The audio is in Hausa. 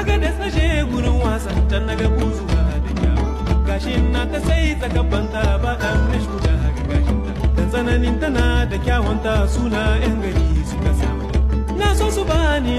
aga da tsashe gurin wasan can na ga buzu ga da yawo gashin na ta sai tsakabanta ba dan rishu da haka gashin ta dan tsananin tana da kyawanta suna yan gari suka samu na so su bani